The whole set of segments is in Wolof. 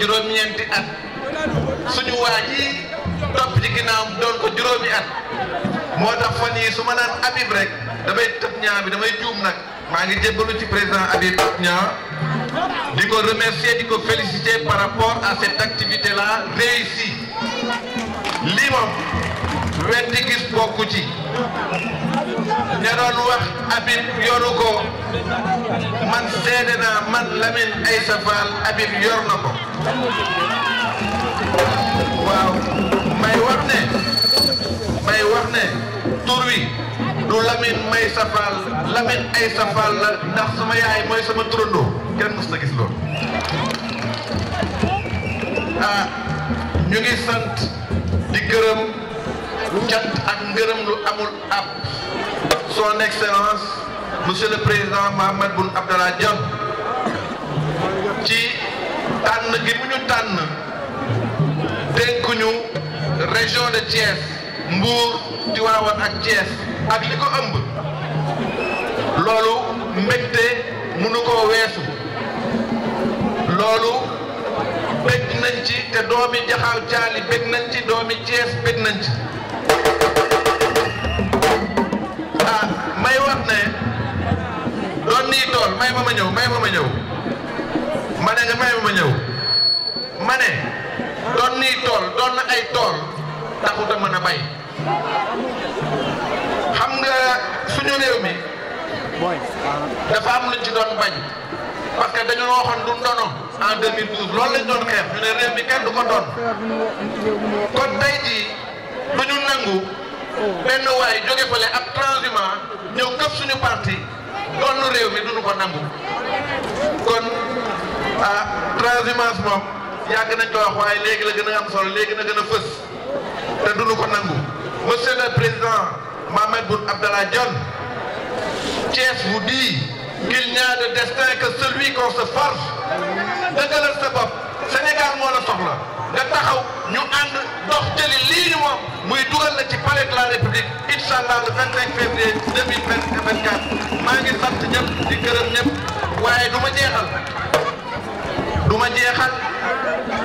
juróom-ñeenti at suñu waa ji topp ci ginnaaw doon ko juróomi at moo tax fan yii su ma naan Habib rek damay tëb ñaa bi damay juum nag maa ngi jébbalu ci président Habib ñaa di ko remercier di ko féliciter par rapport à cette activité là réussie lii moom. weddi gis bokku ci ña doon wax Habib yoru ko man seede naa man Lamine Aïssa Fall Habib yor na ko waaw may wax ne may wax ne tur wi du Lamine Maysa Fall Lamine Aïssa Fall la ndax sama yaay mooy sama turandoo kenn mës gis loolu ah ñu ngi sant di gërëm cant ak ngërëm lu amul ab son excellence monsieur le président Mahammed Boun Abdallah Dionne ci tànn gi mu ñu tànn dénk ñu région de Thiès Mbour Tivaouane ak Thiès ak li ko ëmb loolu mbégte mënu koo weesu loolu bég te doomi jaxaaw jaali bég nañ doomi Thiès bég nañ may wax ne doon nii tool may ma ma ñëw may ma ma ñëw ma ne doon nii tool doon na ay tool taxut a mën a bay xam nga suñu réew mi dafa am luñ ci doon bañ parce que dañu waxoon du ndono en 2012 loolu lañ doon xeex ñu ne réew mi kenn du ko doon kon tey jii du ñu nangu. benn waay jóge fale ab transhumant ñëw këf suñu parti doon réew mi duñu ko nangu kon ah transhumance moom yàgg nañ ko wax waaye léegi la gën a am sol léegi na gën a fës te duñu ko nangu monsieur le président Mahammed Boun Abdallah Dionne Thiès vous dit qu'il n'y a de destin que celui qu'on se forge dëggalal sa bopp Sénégal moo la soxla nga taxaw ñu ànd dox jëli lii ñu moom muy dugal la ci palais la république incha allah maa ngi sant ñëpp di gërëm ñëpp waaye du ma jeexal du ma jeexal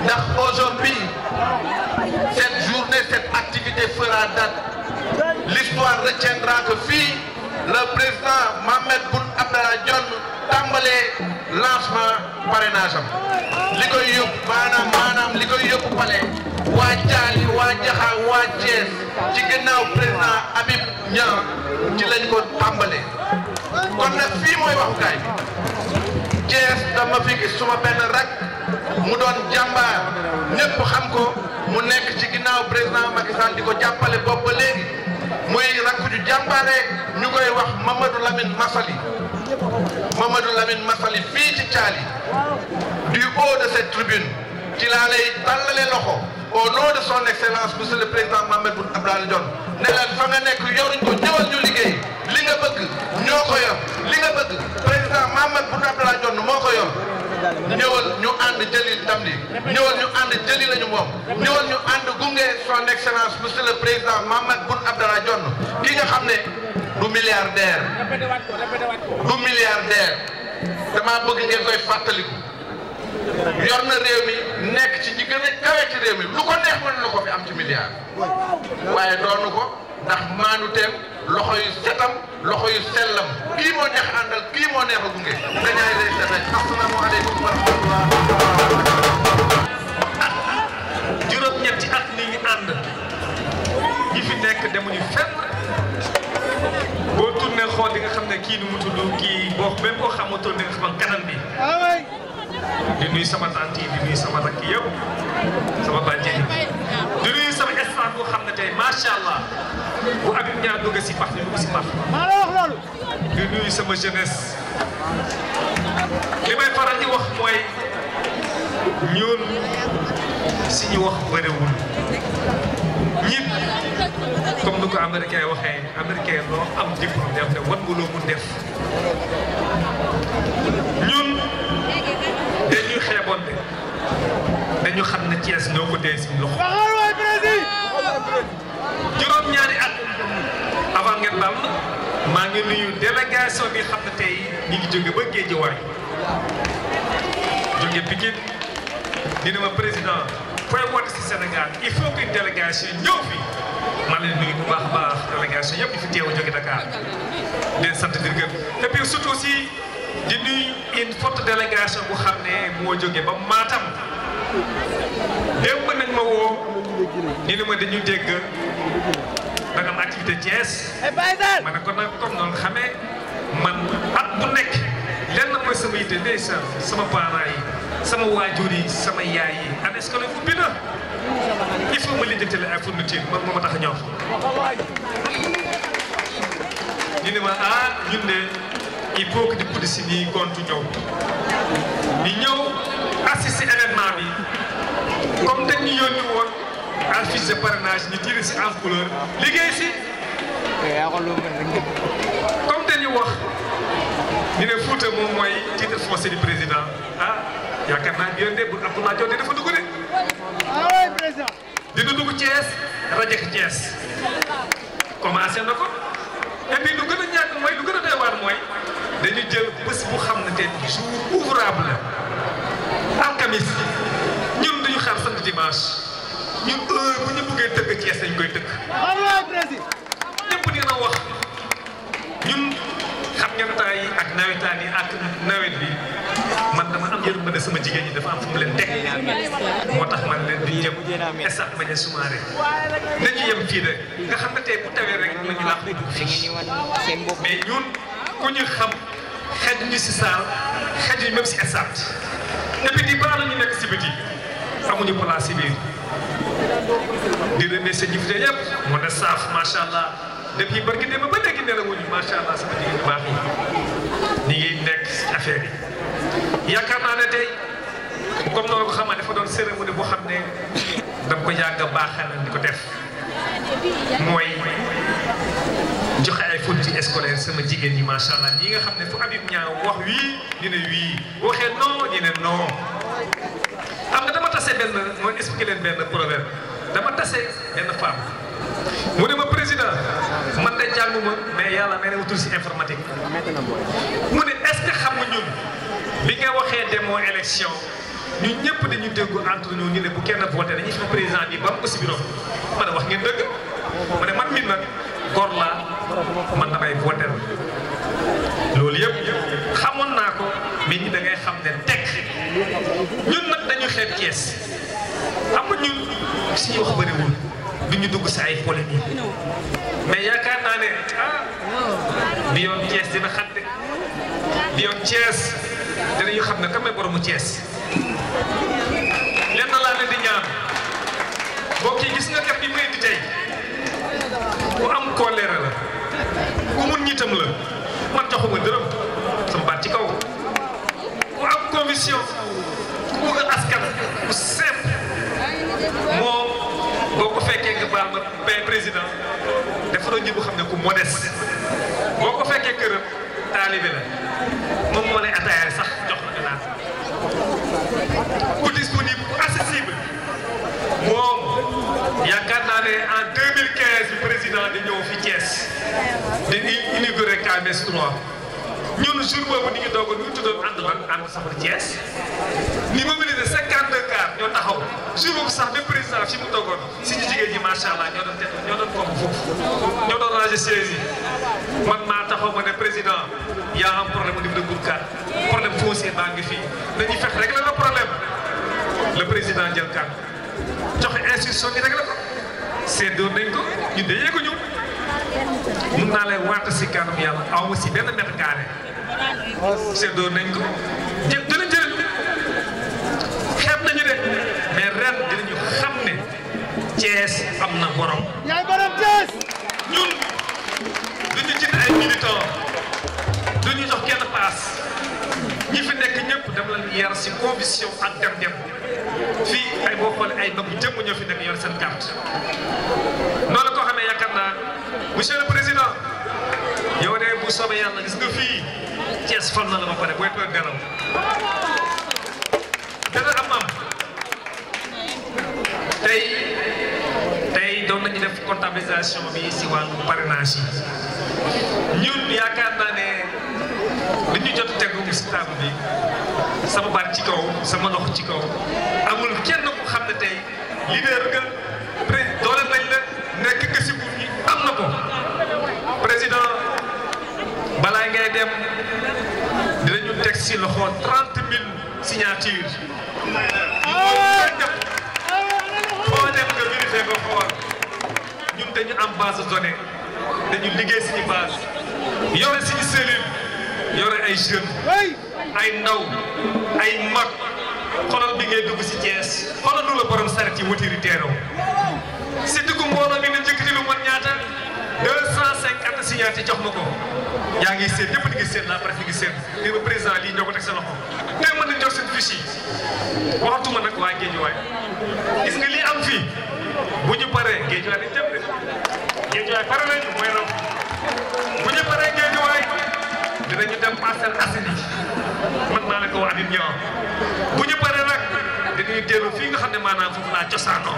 ndax aujourd'hui cette journée cette activité fera date l'histoire retiendra fii le président Mohamed Boun Abdallah Dionne tàmbalee lancement parrainage am li koy yóbbu maanaam maanaam li koy yóbbu pale waa Thiali waa Jaxaw waa Thiès ci ginnaaw président Habib Niang ci lañ ko tàmbalee kon nag fii mooy waxukaay bi dama fi suma benn rak mu doon jàmbaar ñëpp xam ko mu nekk ci ginnaaw président Macky Sall di ko jàppale boobu muy rakk ñu jàmbaare ñu koy wax Mamadou Lamine Massaly Mamadou Lamine Massaly fii ci Thialy du haut de tribune ci laa lay tàllale loxo au nom de son excellence monsieur le président Mamadou Abdoulaye Dione ne leen fa nga nekk yoruñ ko ñëwal ñu liggéey li nga bëgg ñoo ko yor li nga bëgg président Mamadou Abdoulaye Dione moo ko yor ñëwal ñu ànd jëli ndam li ñëwal ñu ànd jëli la ñu moom ñëwal ñu ànd gunge son excellence monsieur le président Mahammed Boun Abdallah Dionne ki nga xam ne du milliardaire du milliardaire damaa bëgg ngeen koy fàttaliku yor na réew mi nekk ci ñi gën a ci réew mi lu ko neex mën lu ko fi am ci milliard waaye doonu ko ndax maanu loxo yu setam loxo yu sellam kii moo neex àndal kii moo neex a gunge dañaay lay sefe asalaamu aleykum wa rahmatullah juróom-ñetti at mi ngi ànd fi nekk demuñu fenn boo tourné xool di nga xam ne kii nu mu tudd kii boo même ko xamatul di nga xam kanam bi di nuyu sama tante yi sama rakk yëpp sama bàjjen di sama instant boo xam ne tey macha allah bu Habib Niang dugg si pax ñu dugg si pax. maa la wax loolu. di sama jeunesse li may faral wax mooy ñun suñu wax bëriwul ñit comme ni ko américain waxee américain am diplôme def ne wan nga loo mun def yoon dañu xam ne Thiès ñoo ko dee si loxo. waxal waay président. juróom-ñaari at avant ngeen bam maa ngi nuyu délégation bi xam ne tey ñu ngi jóge ba Géejawaay jóge Pikine di ne président fooy woote si Sénégal il faut que délégation ñëw fi maa leen bu baax baax délégation yëpp di fi teew a Dakar di leen sant di leen gërëm di nuyu une forte délégation bu xam ne moo jóge ba Matam démb nañ ma woo ni ni ma dañu dégg da nga activité Thiès ma ne ko nag comme noonu xamee man at bu nekk lenn mooy sama yitte ndeysaan sama parents yi sama waajur yi sama yaay yi année scolaire ubbi na il faut ma lijjatale ay fourniture man moo ma tax a ñu ne ma ah ñun de il faut que di police bi gontu ñëw ñu ñëw assister événement bi comme dañ ñu yónni woon en de parrainage ñu jëli si en couleur liggéey si. comme dañu wax ñu ne Fouta moom mooy titre foncier du président ah yaakaar naa ne yéen bu Abdoulaye Diop dafa dugg de. dina dugg Thiès rajo Thiès commencé na ko et puis lu gën a mooy lu gën a waar mooy. dañu jël bés bu xam ne te jour ouvrable la alxamis ñun duñu xaar ñun heure bu ñu bëggee tëgg Cees lañ koy tëgg. ñëpp dina wax ñun xam ngeen temps yi ak nawetaan ak nawet bi man dama am yërmande sama jigéen ñi dafa am fu mu leen teg moo tax man leen di jëm esat mañe sumaare nañu yem tee rek nga xam ne tey bu tawee rek nañu laax dugg fii ñun ku ñu xam xaj ñu si saal xaj ñu même si estade et puis di baal ñu nekk si biti amuñu place si biir di remercier ñi fi ne yëpp moo ne saaf macha allah depuis barki démb ba léegi nelawuñu ma allah sama jigéen ñu baax yi nekk si affaire yi yakaar naa ne tey comme noonu ko xamaa dafa doon cérémonie boo xam ne dama ko yàgg a baaxal di ko def mooy joxe politique scolaire sama jigéen ñi macha allah ñi nga xam ne fu Habib Niang wax wii ñu ne wii waxee non ñu ne non. nga dama tase benn ma expliqué leen benn proverbe dama tase benn femme mu ne ma président man de jànguma ma tudd si informatique. mu ne est ce bi nga waxee demoo élection ñun ñëpp dañu déggu entre nous ñu ne bu kenn voté dañuy fa président bi ba mu ma ne wax ngeen dëgg ma ne man mii nag góor laa. man damay voter loolu yëpp xamoon naa ko mais ñi da xam ne teg ñun nag dañu xeeb Cees xam nga ñun suñu wax bëriwul du ñu dugg saa ay polémique mais yaakaar naa ne ah bi yoon Cees dina xat de bi yoon Cees dinañu xam ne kan mooy boromu Cees lenn laa leen di ñaan mbokk yi gis nga def bi may di tey ku am choléra nitam la man joxuma dërëm sama baat ci kaw ku am conviction ku bëgg askan ku moom boo ko fekkee nga baal ma pain président dafa doon ñi bu xam ne ku modeste boo ko fekkee këram taalibe la moom moo lay ataaya sax messe 3 ñun jour boobu ni ngi doog ñu tuddoon ànd lan ànd safar Thiès ni mobilisé cinquante deux ñoo taxaw jour boobu sax de président fi mu toogoon si ñu jigéen ñi macha allah ñoo doon tedd ñoo doon koom foofu ñoo doon rangé siège yi man maa taxaw ma ne président problème au niveau de Gourkat ngi fii dañuy fex rek la problème le président jël kàddu joxe instruction ñu rek ko séddoo nañ ko ñu dayee ko ñu. mun naa lay waata si kanam yàlla aw si benn mètre carré seddoo nañ ko jë dina jëriñ nañu de mais ren dinañu xam ne Thiès am na borom. yaay borom Thiès. ñun duñu jënd ay militants duñu jox kenn paas ñi fi nekk ñëpp dama leen yar si conviction ak dem-dem fii ay boo xoolee ay babu jëmm ñoo fi nekk yor seen carte. monsieur le président yow de bu soobee yàlla gis nga fii Thiès fal na la ba pare booy koy garaw dana am tey tey doon nañu def comptabilisation bi si wàllu parrainage yi ñun yaakaar naa ne li ñu jot tegu si bi sama baat ci kaw sama loxo ci kaw amul kenn ku xam ne tey leader nga si loxo 30 000 signatures. foo dem nga vérifié ko xool ñun dañu am base de données dañu liggéey suñu base yore suñu cellule yore ay jeunes ay ndaw ay mag xolal bi ngay dugg si Thiès xolal du la borom saret yi si dugg mbooloo mi nga njëkk di lu ñaata signé te jox ma ko yaa ngi seet ñëpp di ngi seet la presse di ngi seet lii ba président lii ko teg sa loxo tey mën nañ jox seen fiche yi waxatuma nag waa nga lii am fii bu ñu paree Géejawaay dañ jëm de Géejawaay pare nañu dem Parcelles Assainies mën naa leen ko wax nit ñoo bu ñu paree nag dañuy dellu fii nga xam ne maanaam foofu laa cosaanoo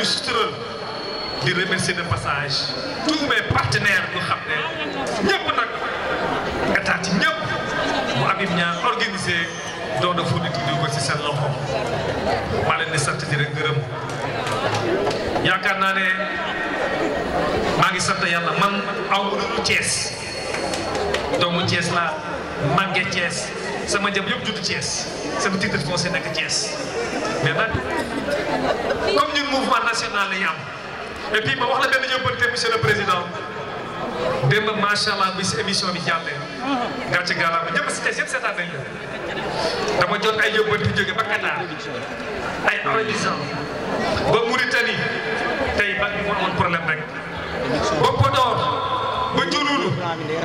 ñu sutural di remercier de passage tous mes partenaires yoo xam ne ñëpp nag état ci ñëpp bu Habib Niang organisé don de fourniture di ko ci seen loxo maa di sant di gërëm yaakaar naa ne maa ngi sant yàlla man aw doomu Thiès doomu Thiès laa màggee Thiès sama jëm yëpp judd Thiès sama titre foncier nekk Thiès. mais nag comme ñun mouvement national la ñu am et ma wax la benn yóbbante monsieur le président démb macha allah bi si émission bi jàllee gàcce gàllankoor ñëpp si tey yëpp seetaan nañ la dama jot ay yóbbante jóge ba Qatar ay arabisant ba Mauritanie tey mag bi mu amoon problème rek ba Podor. ba Diouloulou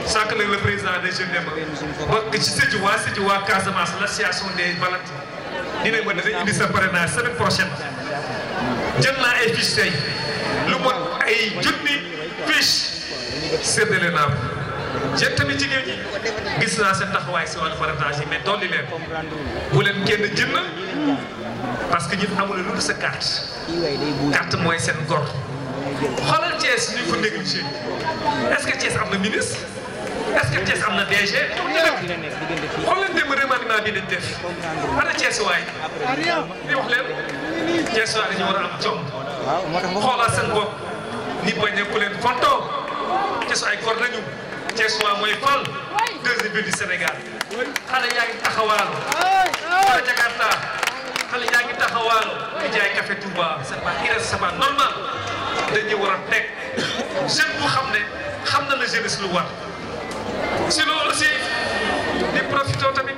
sànq nag le président des jeunes ba ba ci Sédhiou waa Sédhiou waa Casamance l'association des valets ni ne ma dina indi sa parrainage semaine prochaine jël naa ay fiche tey lu mot ay junni fiche séddale naa ko jël tamit jigéen ñi gis naa seen taxawaay si wàllu parrainage yi leen bu leen kenn parce que ñun amul lu dul sa carte carte mooy seen gor xoolal Thiès ñu ko négligé est-ce que Thiès am na est-ce que Thiès am na DG. xool leen démb remaniement bi dañ def ana Thiès waay li wax leen Thiès waay dañu war a am jom xoolal seen bopp ni bañ a ku leen fontoo Thiès waay góor nañu Thiès waay mooy fal deuxième ville du Sénégal xale yaa ngi taxawaal xale Jakarta xale yaa ngi taxawaal di jaay café Touba c'est pas irresponsable c'est pas normal dañu war a teg jeune bu xam ne xam na la jeunesse lu war sinon aussi di profité tamit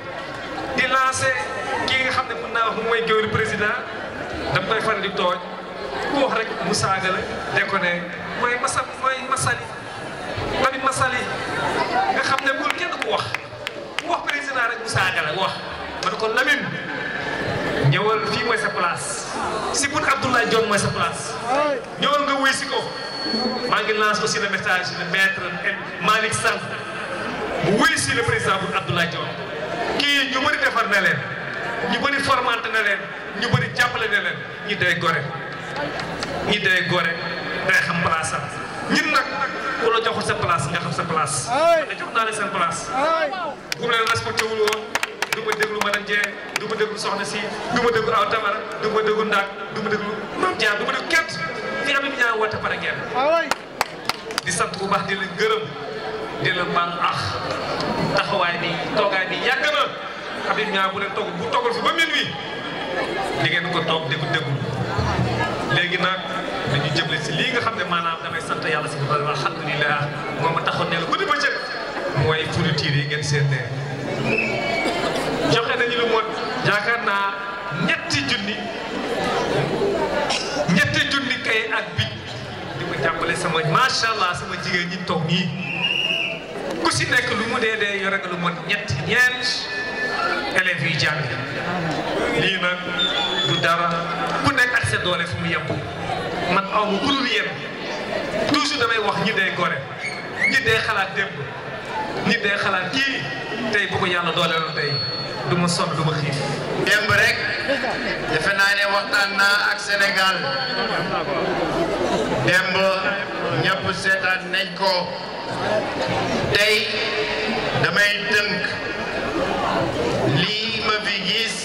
di lancé ki nga xam ne mën naa wax moom mooy géwél président dam koy faral di tooñ ku wax rek mu saaga la déconné mooy masa mooy masali tamit masali nga xam ne bul kenn ku wax ku wax président rek mu saaga la wax ma ne ko Lamine ñëwal fii mooy sa place si bun Abdoulaye Dione mooy sa place ñëwal nga wuy ko maa ngi lance aussi le message de maître Malick Sall wuy si le président bu Abdoulaye Dior kii ñu bëri defar na leen ñu bëri formante na leen ñu bëri jàppale na leen ñi day gore ñi day gore day xam place am ñun nag ku la joxul sa place nga xam sa place te jox naa leen seen place bu mu leen respecté wul woon du ma déglu madame soxna si du ma déglu aw tamara du ma déglu ndaak du ma déglu mam Dieng du ma déglu kenn fi am ñaa woote pare ngeen di sant bu di leen gërëm di la baal taxawaay bi toogaay bi yàgg na Habib Niang bu leen togg bu toggal fi ba minuit di ngeen ko toog déglu déglu léegi nag dañu jëble si lii nga xam ne maanaam damay sant yàlla si bu baax alhamdulilah moom ma taxoon ne la guddi ba cëg mooy fourniture yi ngeen seetee joxe nañu lu mot yaakaar naa ñetti junni ñetti junni kay ak bi di ko sama macha allah sama jigéen ñi toog nii ku si nekk lu mu dee dee yore lu mot ñett ñeent élèves yu jàng lii nag du dara ku nekk ak sa doole fu mu yem man aw ma ku dul damay wax ñi day gore ñi day xalaat démb ñi day xalaat kii tey bu ko yàlla dooleeloon tey du ma sonn du ma xiif. démb rek defe naa ne waxtaan naa ak Sénégal démb ñëpp seetaan nañ tey damay tënk lii ma fi gis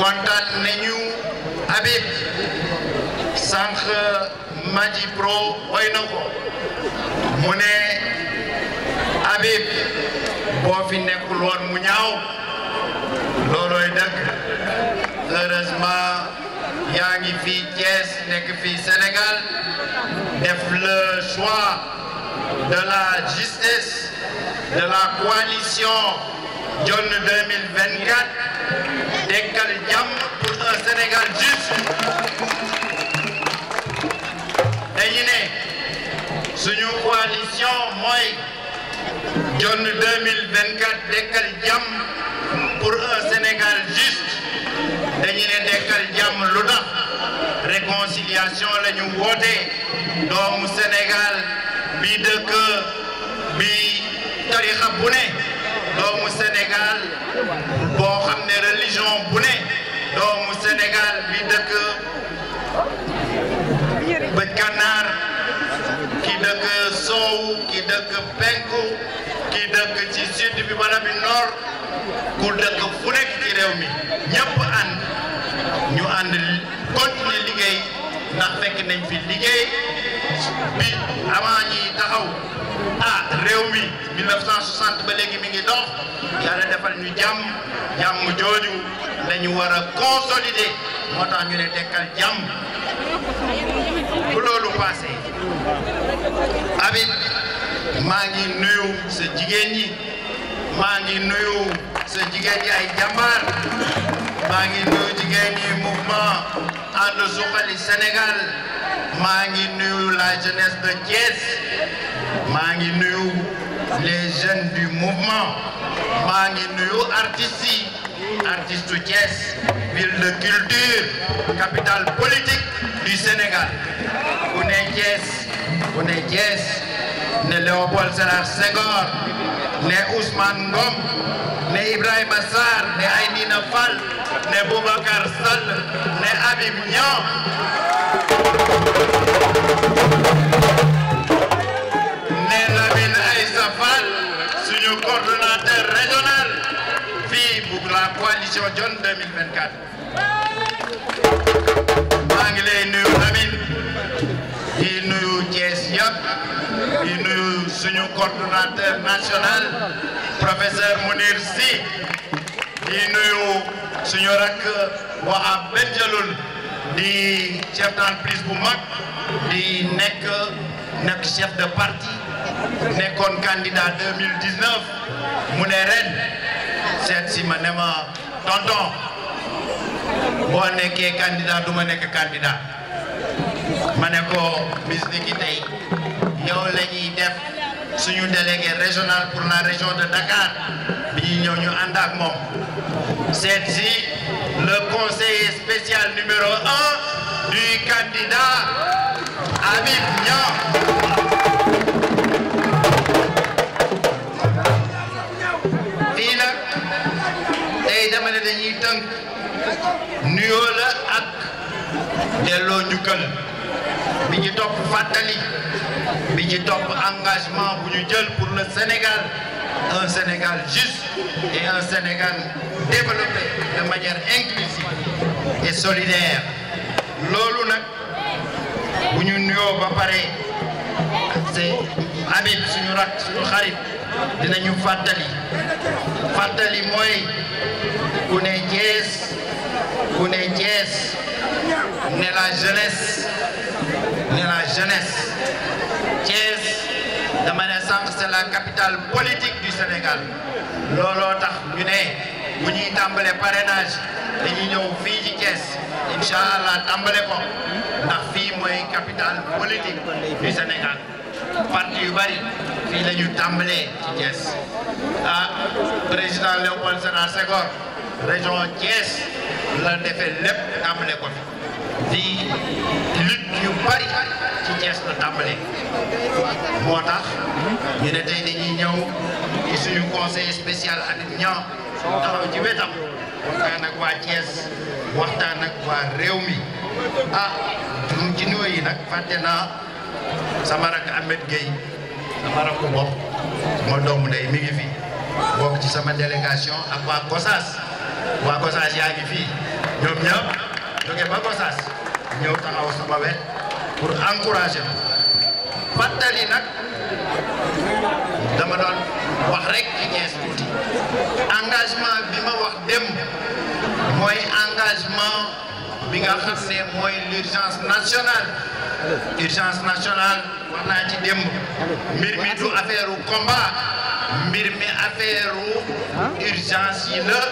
kontaan nañu Habib sànq Madji Pro woy na ko mu ne Habib boo fi nekkul woon mu ñaaw loolooy dëkk heureusement yaa ngi fii Thiès nekk fii Sénégal def le choix de la justice de la coalition Dionne 2024 Dekkal Jàmm pour un Sénégal juste dañu ne suñu coalition mooy Dionne 2024 Dekkal Jàmm pour un Sénégal juste dañu ne Dekkal Jàmm lu tax réconciliation la ñu woote doomu Sénégal bi dëkk bi tarixa bu ne doomu Sénégal boo xam ne religion bu ne doomu Sénégal bi dëkk bët gànnaar ki dëkk soow ki dëkk penku ki dëkk ci sud bi wala bi nord ku dëkk fu ci réew mi ñëpp ànd ñu ànd continuer liggéey ndax fekk nañ fi liggéey mais avant ñi taxaw ah réew mi ba léegi mi ngi dox yàlla defal ñu jàmm jàmm jooju la ñu war a consolider moo tax ñu ne dekkal jàmm bu loolu passé Habib maa ngi nuyu sa jigéen ñi maa ngi nuyu sa jigéen ñi ay jàmbaar maa ngi nuyu jigéen ñi mouvement ànd suqali Sénégal maa ngi nuyu la jeunesse de Thiès maa ngi nuyu les jeunes du mouvement maa ngi nuyu artistes yi artistes u Thiès ville de culture capitale politique du Sénégal ku ne Thiès ku ne Léopold Sédar Senghor ne Ousmane Ngom ne Ibrahima Sarr ne Aynina Fall ne Boubacar Sall ne Habib Niang ne Lamine Aïssa Fall suñu coordonnateur régional fii pour coalition Dione 2024 maa ngi lay nuyu Lamine di nuyu Thiès yëpp di nuyu national professeur Mounir Sy di nuyu suñu rakk waa Ben Jalloul di chef d'entreprise bu mag di nekk nekk chef de parti nekkoon candidat mu ne ren seet si ma ne ma tonton boo nekkee candidat du ma nekk candidat ma ne ko ni ki tey yow la ñuy def suñu délégué régional pour la région de Dakar bi ñëw ñu ànd ak si le conseiller spécial numéro du candidat Habib Niang ci topp engagement bu ñu jël pour le Sénégal un Sénégal juste et un Sénégal développé de manière inclusive et solidaire loolu nag bu ñu nuyoo ba pare c'est Habib suñu rak suñu xarit dinañu fàttali fàttali mooy ku ne Thiès ku ne ne la jeunesse ne la jeunesse Thiès dama ne sànq c'est la capitale politique du Sénégal looloo tax ñu ne bu ñuy tàmbalee parenage dañuy ñëw fii ci Thiès incha allah tàmbale ko ndax fii mooy capitale politique du Sénégal parti yu bari fii la ñu tàmbalee ci Thiès ah président Léopold Sédar Senghor région Thiès la defee lépp tàmbale ko fi. di lutte yu bari ci Thiès la tàmbalee moo tax ñu ne tey dañuy ñëw ci suñu conseil spécial Habib Niang taxaw ci wetam waxtaan ak waa Thiès waxtaan ak waa réew mi ah dum ci nuyu nag fàtte naa sama rak Ahmed Gueye sama rakku bopp ma doomu ndey mi ngi fi bokk ci sama délégation ak waa Gossas waa Gossas yaa ngi fii ñoom ñëpp jóge ba Gossas ñëw taxaw sama wet pour encourager ma fàttali nag dama doon wax rek ci Thiès tuuti engagement bi ma wax dem mooy engagement bi nga xam ne mooy l'urgence nationale urgence nationale wax naa ci démb mbir mi du affaire combat mbir mi affaire urgence yi la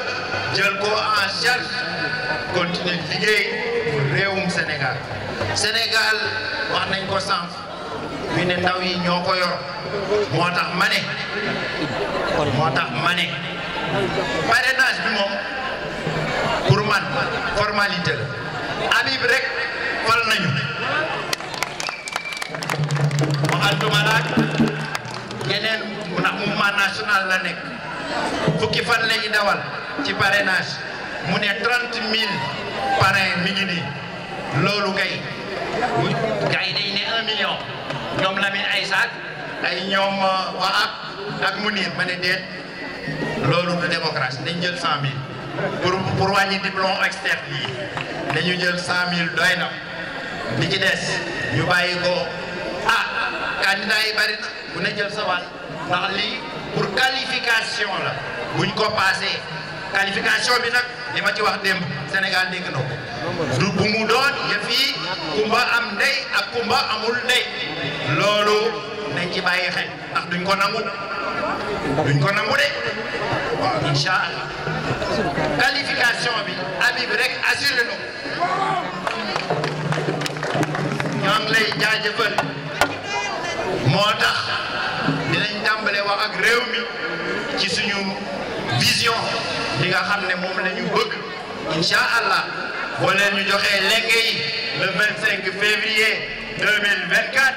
jël ko en charge continuer liggéey pour réewum Sénégal Sénégal wax nañ ko sànq ñu ne ndaw yi ñoo ko yor moo tax ma ne moo tax ma ne parrainage moom pour man formalité la Habib rek fal nañu waxantuma laaj yeneen ndax mouvement national la nekk fukki fan la dawal ci parrainage mu ne trente mille parrain mi ngi nii loolu kay gars yi dañ ne un million ñoom Lamine ay saak ay ñoom euh, waa ak ak mu niir ma ne déet loolu de démocratie nañ jël cent mille pour pour wàññi diplôme externe jël cent doy na li ci des ñu bàyyi ko ah candidat yi bari na bu ne jël sa wàll lii pour qualification la buñ ko passé qualification bi nag li ma ci wax démb Sénégal dégg na ko du bu mu doon yëf yi kumba am ndey ak kumba amul ndey loolu nañ ci bàyyi xel ndax duñ ko nangu duñ ko nangu de waaw incha allah qualification bi Habib rek assuré na ñoo ngi lay jaajëfal moo tax dinañ tàmbale wax ak réew mi ci suñu vision li nga xam ne moom la ñu bëgg incha allah boo leen ñu joxee lenge yi le 25 février 2024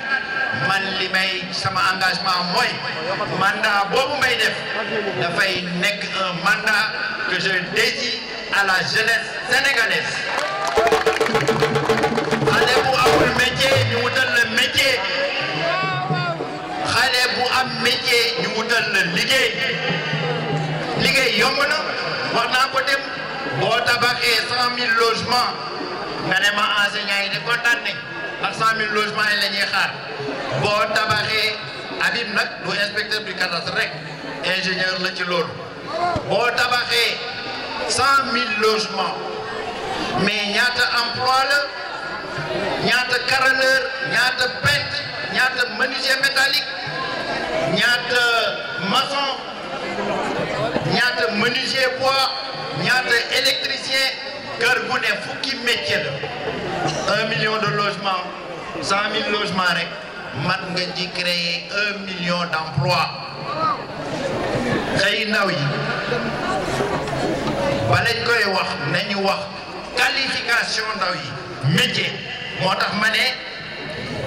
man li may sama engagement mooy mandat boobu may def dafay nekk un mandat que je dédie à la jeunesse sénégalaise. xale bu amul métier ñu wutal la métier xale bu am métier ñu wutal la liggéey. liggéey yomb na wax naa ko dem boo tabaxee cent mille logements nga ne ma enseignants yi di kontaan nañ ak cent mille logements yi la xaar boo tabaxee Habib nag du inspecteur du cadastre rek ingénieur la ci loolu boo tabaxee logements mais ñaata emploi la ñaata carreleur ñaata peintre ñaata menuisier métallique ñaata maçon. ñaata menuisier bois ñaata électricien kër gu ne fukki métier la un million de logements cent mille mat nga ji créer un million d'emplois xëy ndaw yi ba lañ koy wax nañu wax qualification ndaw yi métier moo tax ma ne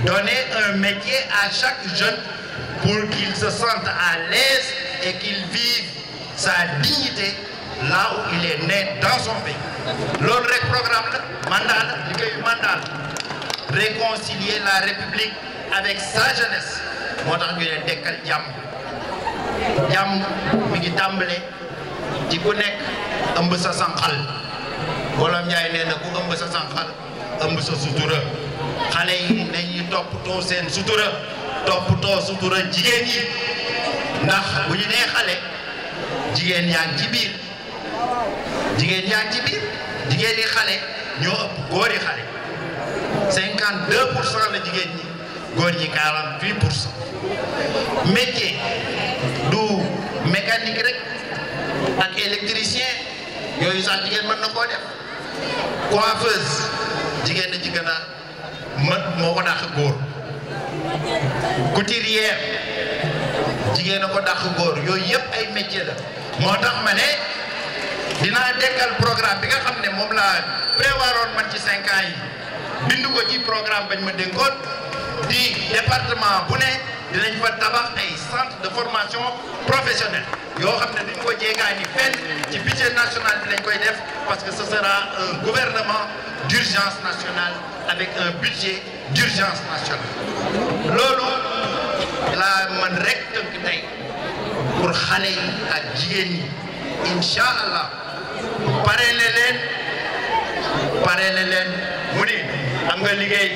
donner un métier à chaque jeune pour qu'il se sente à l'aise et qu'il vive sa dignité là où il est né dans son loolu rek programme la mandat la liggéeyu mandat la la république avec sa moo tax ñu ne dekkal jàmm jàmm mi ngi tàmbale ci ku nekk ëmb sa sànqal wala Njaay nee na ku ëmb sa sànqal ëmb sa sutura xale yi nañuy toppatoo seen sutura toppatoo sutura jigéen yi ndax bu ñu ne xale jigéen ñaan ci biir jigéen yaa ngi ci biir jigéen yi xale ñoo ëpp góor yi xale 52 pour cent jigéen ñi góor ñi 48 pour cent métier du mécanique rek ak électricien yooyu sax jigéen mën na koo def coiffeuse jigéen na ci gën a mën moo ko dàq góor couturière jigéen a ko dàq góor yooyu yëpp ay métier la moo tax ma ne dinaa dekkal programme bi nga xam ne moom laa prévoiroon man ci cinq ans yi bindu ko ci programme bañ ma dénkoon di département bu ne dinañ fa tabax ay centre de formation professionnelle yoo xam ne duñ ko jéegaa ni fenn ci budget national bi lañ koy def parce que ce sera un gouvernement d'urgence nationale avec un budget d'urgence nationale loolu laa mën rek tënk tey pour xale yi ak jigéen ñi incha allah pare na leen pare na leen mu ne am nga liggéey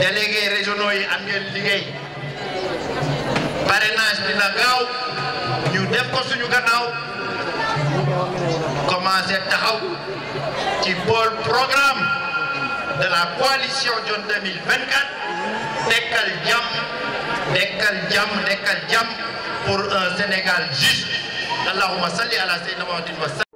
délégué régionaux yi am ngeen liggéey parrainage dina gaaw ñu def ko suñu gannaaw commencé taxaw ci pôle programme de la coalition Jom 2024 Dekkal Jàmm Dekkal Jàmm Dekkal Jàmm pour un Sénégal juste allahumma salli ala sayyidina Muhammadin